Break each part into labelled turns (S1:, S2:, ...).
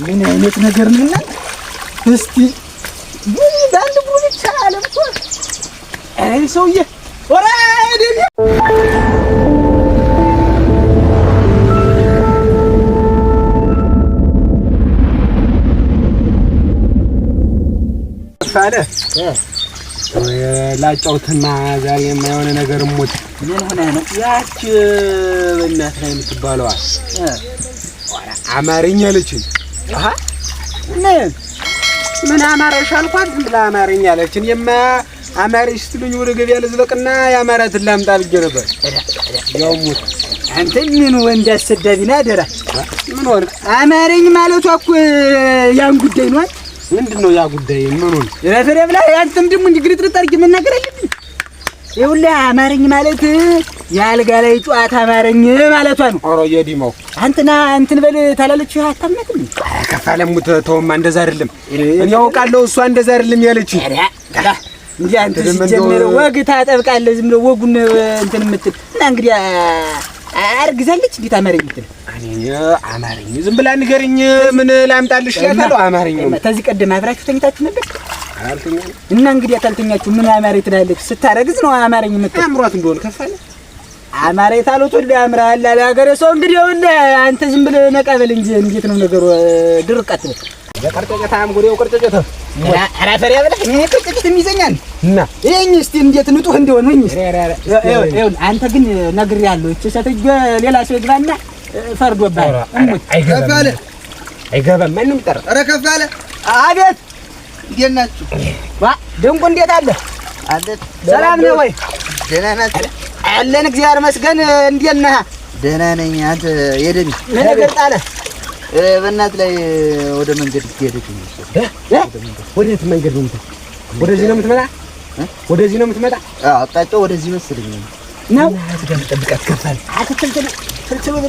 S1: ምን አይነት ነገር ነው? እና እስቲ አንድ ጉልቻ አለምቶ አይ ሰውዬ ወራ አይደል
S2: ታለ ላጫውትና ዛሬ የማይሆነ ነገር ሞት
S1: ምን ሆነ ነው? ያች በእናት ላይ የምትባለዋ
S2: አማርኛ አለችኝ።
S1: ምን አማረሽ አልኳት። ዝም ብላ አማረኝ አማረሽ ስትሉኝ ወደ ገበያ ላምጣ ብዬ ነበር። ያው ሙት አንተ ምን ወንድ አሰዳቢ ነህ? አደራ ምን ሆነ አማረኝ ማለቷ እኮ ያን ጉዳይ ነው።
S2: ምንድን ነው ያ ጉዳይ? ምን ሆነ
S1: አንተም ደግሞ እንዲህ ግርጥርጥ አድርጌ መናገር አለብኝ ይኸውልህ አማረኝ ማለት የአልጋ ላይ ጨዋታ አማረኝ ማለቷ ነው።
S2: ኧረ የዲማው
S1: አንተና እንትን በል ታላለች አታምናትም።
S2: ከፋለም ተውማ፣ እንደዛ አይደለም እኔ አውቃለሁ። እሷ እንደዛ አይደለም ያለች
S1: እንዲህ አንተ ሲጀምር ወግ ታጠብቃለህ። ዝም ብሎ ወጉን እንትን የምትል እና እንግዲህ አርግዛለች። እንዴት አማረኝ ምትል
S2: አማረኝ ዝም ብላ ንገርኝ። ምን ላምጣልሽ? ያታለው አማረኝ
S1: ነው። ከዚህ ቀደም አብራችሁ ተኝታችሁ ነበር? እና እንግዲህ አታልተኛችሁ ምን አማሬ ትላለች ስታረግዝ ነው አማረኝ የምትል
S2: አምሯት እንደሆነ ከፋለ
S1: አማሬ ታሉት ሁሉ ያምራል አለ ሀገሬ ሰው። እንግዲህ ሁሉ አንተ ዝም ብለህ ነቀበል እንጂ እንዴት ነው ነገሩ? ድርቀት እንዴት ንጡህ እንደሆነ አንተ ግን ነግሬሃለሁ፣ ሴትዮ ሌላ ሰው ይግባና
S2: አይገባም፣ ማንም ጠራ። ኧረ አቤት እንዴት ናችሁ?
S1: ድንቁ እንዴት አለ? ሰላም ነህ ወይ? ደህና ናችሁ? አለን እግዚአብሔር ይመስገን። እንዴት ነህ?
S2: ደህና ነኝ። አንተ የደሚ ምን ነገር ጣለ? በእናትህ ላይ ወደ መንገድ ትሄደች
S1: ነው። ወዴት መንገድ ነው? ወደዚህ ነው የምትመጣ? ወደዚህ ነው የምትመጣ?
S2: አቅጣጫው ወደዚህ መሰለኝ
S1: ነው።
S2: አትጠብቃት፣ ትገባለህ።
S1: አትተልተል ትልተል ወደ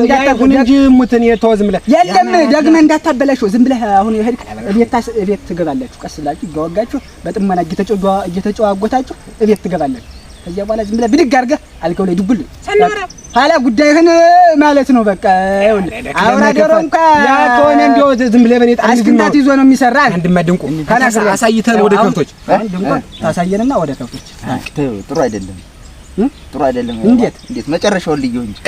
S2: እንዳታጉን እንጂ ሙትን የተወው ዝም ብለህ
S1: የለም፣ ደግመህ እንዳታበላሽው ዝም ብለህ አሁን ሄድክ እቤት ትገባላችሁ። ቀስ ብላችሁ እያወጋችሁ በጥመና እየተጨዋወታችሁ እቤት ትገባላችሁ። ከዚያ በኋላ ዝም ብለህ ብድግ አድርገህ አልከው ላይ ዱብል ኋላ ጉዳይህን ማለት ነው። በቃ አሁን አደረው እንኳ
S2: ያ ከሆነ እንደው ዝም ብለህ በኔ አስክንታት ይዞ ነው የሚሰራ።
S1: አንድማ ድንቁ አሳይተን ወደ ከብቶች ታሳየንና ወደ ከብቶች
S2: ጥሩ አይደለም። ጥሩ አይደለም። እንዴት እንዴት መጨረሻው ልዩ እንጂ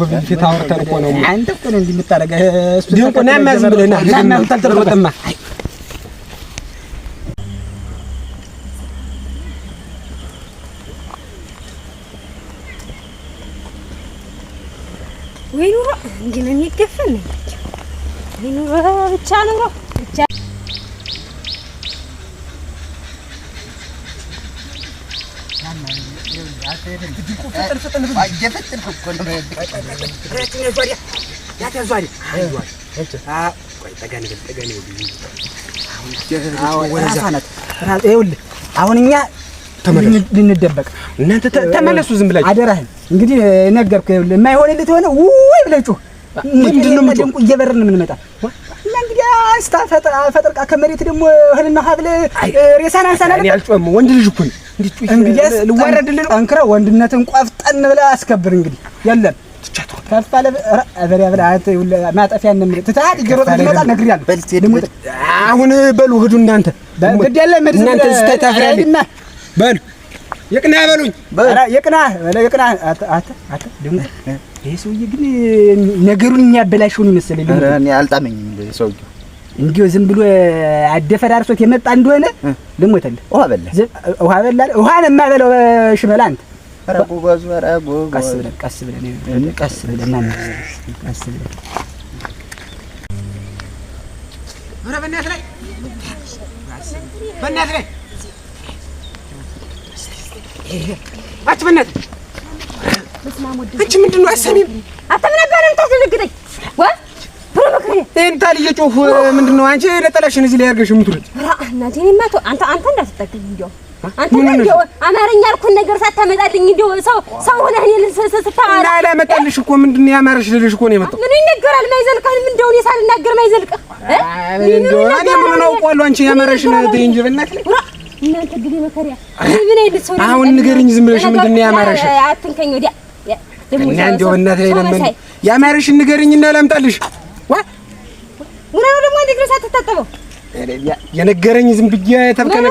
S2: በጉብኝ ፊት አውርተን እኮ ነው።
S1: አንተ እኮ ነው እንዲህ የምታደርገህ። እሱ ድንቁና የሚያዝብልህና ተልተርበጥማ ወይ ኑሮ እንግዲህ ነው የሚገፈል ወይ ኑሮ ብቻ ኑሮ አሁን እኛ ልንደበቅ እናንተ ተመለሱ። ዝም ብላችሁ አደራህን። እንግዲህ ነገርኩህ። የማይሆንልህ ሆነ ወይ ብለህ ጩህ። ምንድን ነው የምትሆን? እየበረርን ነው የምንመጣ እና እንግዲህ አንስታ ፈጥርቃ ከመሬት ደግሞ እህልና ሀብል ሬሳን
S2: አልጮህም። ወንድ ልጅ እኮ ነው
S1: እንግዲህ ልዋረድልን አንክራ ወንድነትን ቆፍጠን ብለህ አስከብር። እንግዲህ የለም ከፍ አለ በሪያ ብለህ አንተ ማጠፊያ እንምልህ ትተሀት ጀሮጥ እንድመጣ
S2: ነግሬሃለሁ። አሁን በሉ ሂዱ እናንተ ግድ የለም እናንተ ስታታፍራለህ በሉ የቅና በሉኝ
S1: የቅና የቅና አተ አተ ደግሞ ይሄ ሰውዬ ግን ነገሩን የሚያበላሽውን ይመስለኝ።
S2: አልጣመኝም ሰውዬው
S1: እንዲሁ ዝም ብሎ አደፈር አርሶት የመጣ እንደሆነ ልሞተልህ። ውሃ በላ ውሃ በላ ውሃ ነው የማበላው ሽመላ። አንተ ቀስ ብለን ቀስ ብለን ቀስ ብለን ቀስ ብለን ኧረ በእናትህ ላይ በእናትህ ላይ አንቺ በእናትህ አንቺ ምንድን ነው አትሰሚም? አንተ ምን አባህ ነው
S2: ይሄን ታል እየጮህ ምንድን ነው አንቺ ነጠላሽን እዚህ ላይ አድርገሽ የምትውለች? እናቴ አንተ አንተ እንዳትጠግኝ እንዲያው አንተ እንዲያው አማርኛ አልኩህን ነገር ሳታመጣልኝ እንዲያው ሰው ሰው ሆነህ እኔን ስታወራ አላመጣልሽ እኮ ምንድን ነው ያማረሽ ልልሽ እኮ ነው የመጣው። ምኑ ይነገራል ማይዘልቅህ እንደው እኔ ሳልናገር ማይዘልቅህ እኔ ምኑን አውቀዋለሁ አንቺ ያማረሽን ተይ እንጂ በእናትህ እናንተ ግዴ መከሪያ ምን አይነት ሰው ነው? አሁን ንገሪኝ ዝም ብለሽ ምንድን ነው ያማረሽ? አትንከኝ ወዲያ እና እንደው በእናትህ ለምን ያማረሽን ንገሪኝና ላምጣልሽ ሳትታጠበው? የነገረኝ ዝም ብዬ ተብከነ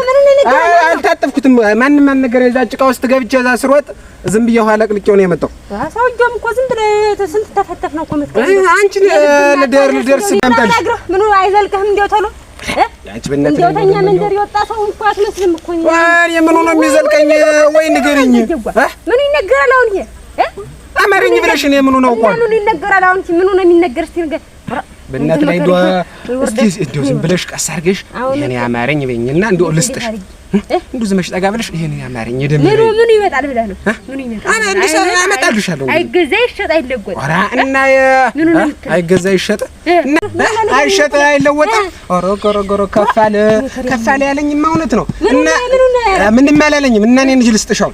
S2: አልታጠብኩትም። ማንም አልነገረኝ። እዛ ጭቃ ውስጥ ገብቼ እዛ ስሮጥ ዝም ብዬ ኋላ ቅልቄው ነው የመጣው። ሰውዬውም እኮ ዝም ብለህ ስንት ተፈተፍ ነው እኮ የምትቀይው። አንቺ ልደር ልደር ስናምጣልሽ ምኑ አይዘልቅህም እንዲያው ተሎ እንደው ተኛ መንደር የወጣ ሰው እንኳን አትመስልም እኮ እኛ የምኑ ነው የሚዘልቀኝ? ወይ ንገሪኝ። ምኑ ይነገራል አሁን ይሄ አማርኝ ብለሽ ነው የምኑ ነው እኮ ምኑ ይነገራል አሁን? ምኑ ነው የሚነገር እስኪ ንገር በእናት ላይ ዷ እስቲ እንደው ዝም ብለሽ ቀስ አድርገሽ ይሄን ያማረኝ በኝና እንደው ልስጥሽ እንደው ዝመሽ ጠጋ ብለሽ ይሄን ያማረኝ ደም ምን ምን ይመጣል ብለህ ነው ምን ይመጣል? አና እንደ ሰው አመጣልሻለሁ። አይገዛ ይሸጥ አይለወጥ። ኧረ እና አይገዛ ይሸጥ አይሸጥ አይለወጥ። ኧረ ጎሮ ከፋለ ከፋለ ያለኝማ እውነት ነው። እና ምን አላለኝም። እና እኔ ልጅ ልስጥሻው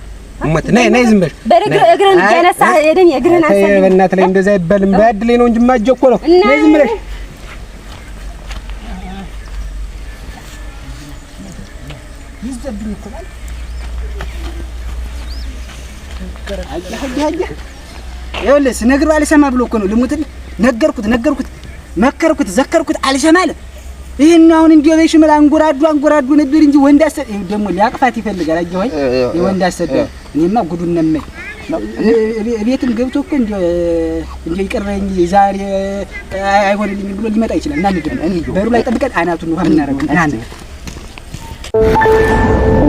S2: ሙት ነይ ነይ ዝም ብለሽ በእግርህን ያነሳ ሄደኝ እግርህን አንሳ። በእናትህ ላይ እንደዛ አይባልም። በአድ ላይ ነው እንጂ ነው። ነይ ዝም ብለሽ ይኸውልህ ስነግረው አልሰማ ብሎ እኮ ነው። ልሙትልህ ነገርኩት፣ ነገርኩት፣ መከርኩት፣ ዘከርኩት አልሰማ አለ። ይህን አሁን እንዲሁ በሽመል አንጎራዱ አንጎራዱ ነበር እንጂ ወንድ አሰ ደግሞ ሊያቅፋት ይፈልጋል። አየህ ወይ ወንድ አሰደ። እኔማ ጉዱን ነመኝ። ቤትም ገብቶ እኮ እንዲሁ እንዲሁ ይቅርበኝ ዛሬ አይሆንልኝ ብሎ ሊመጣ ይችላል። እና በሩ ላይ ጠብቀን አናቱን ውሃ እናረግ Thank you.